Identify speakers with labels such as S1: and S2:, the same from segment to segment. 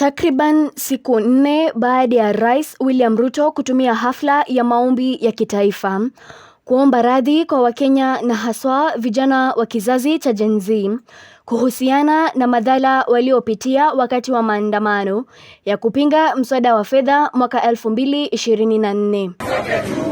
S1: Takriban siku nne baada ya Rais William Ruto kutumia hafla ya maombi ya kitaifa kuomba radhi kwa Wakenya na haswa vijana wa kizazi cha Gen Z kuhusiana na madhara waliopitia wakati wa maandamano ya kupinga mswada wa fedha mwaka 2024.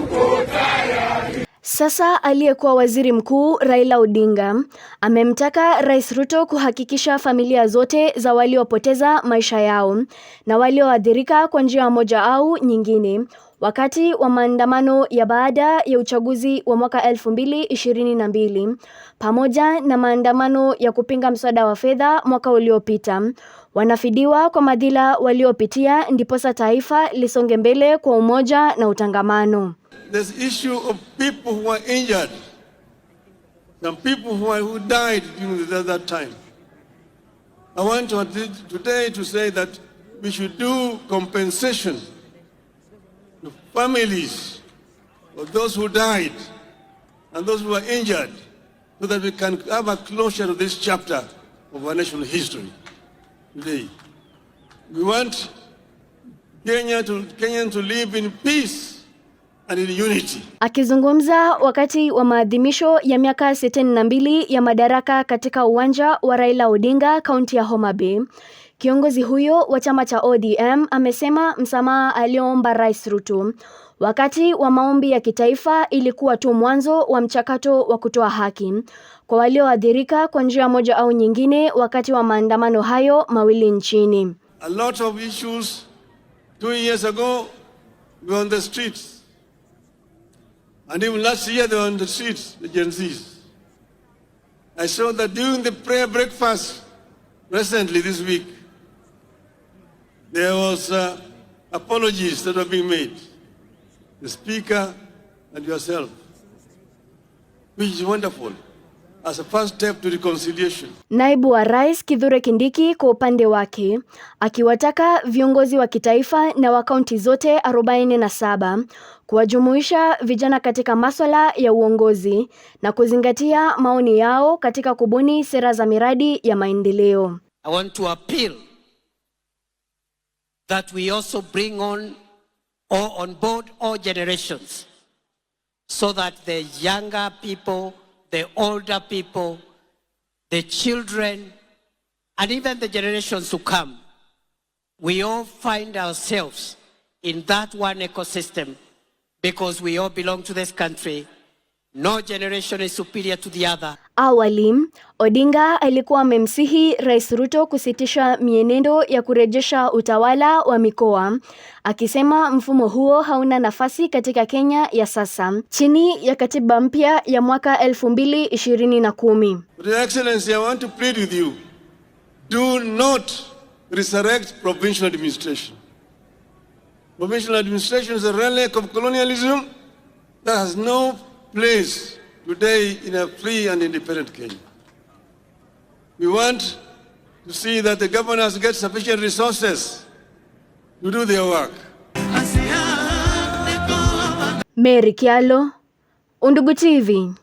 S1: Sasa aliyekuwa waziri mkuu Raila Odinga amemtaka Rais Ruto kuhakikisha familia zote za waliopoteza maisha yao na walioathirika kwa njia moja au nyingine wakati wa maandamano ya baada ya uchaguzi wa mwaka 2022 pamoja na maandamano ya kupinga mswada wa fedha mwaka uliopita wanafidiwa kwa madhila waliopitia ndiposa taifa lisonge mbele kwa umoja na utangamano.
S2: this issue of people who were injured, some people who, are, who died during that, that time. I want to, today to say that we should do compensation to families of those who died and those who were injured so that we can have a closure of this chapter of our national history today. We want Kenya to, Kenyans to live in peace and in unity.
S1: Akizungumza wakati wa maadhimisho ya miaka 62 ya madaraka katika uwanja wa Raila Odinga kaunti ya Homa Bay, kiongozi huyo wa chama cha ODM amesema msamaha aliyoomba Rais Ruto wakati wa maombi ya kitaifa ilikuwa tu mwanzo wa mchakato wa kutoa haki kwa walioathirika kwa njia moja au nyingine wakati wa maandamano hayo mawili nchini.
S2: A lot of issues two years ago were on the streets. And even last year, they were on the streets, the Gen Zs. I saw that during the prayer breakfast recently this week, there was uh, apologies that were being made. The speaker and yourself, which is wonderful. As a first step to reconciliation.
S1: Naibu wa Rais Kithure Kindiki kwa upande wake akiwataka viongozi wa kitaifa na wa kaunti zote 47 kuwajumuisha vijana katika masuala ya uongozi na kuzingatia maoni yao katika kubuni sera za miradi ya maendeleo.
S3: I want to appeal that we also bring on or on board all generations so that the younger people the older people, the children, and even the generations to come, we all find ourselves in that one ecosystem because we all belong to this country No generation is superior to the other.
S1: Awali, Odinga alikuwa amemsihi Rais Ruto kusitisha mienendo ya kurejesha utawala wa mikoa, akisema mfumo huo hauna nafasi katika Kenya ya sasa chini ya katiba mpya ya mwaka elfu Your
S2: Excellency, I want to plead with you. Do not resurrect provincial administration. Provincial administration is a relic of colonialism that has no place today in a free and independent Kenya. We want to see that the governors get sufficient resources to do their work. Mary Kialo, Undugu TV.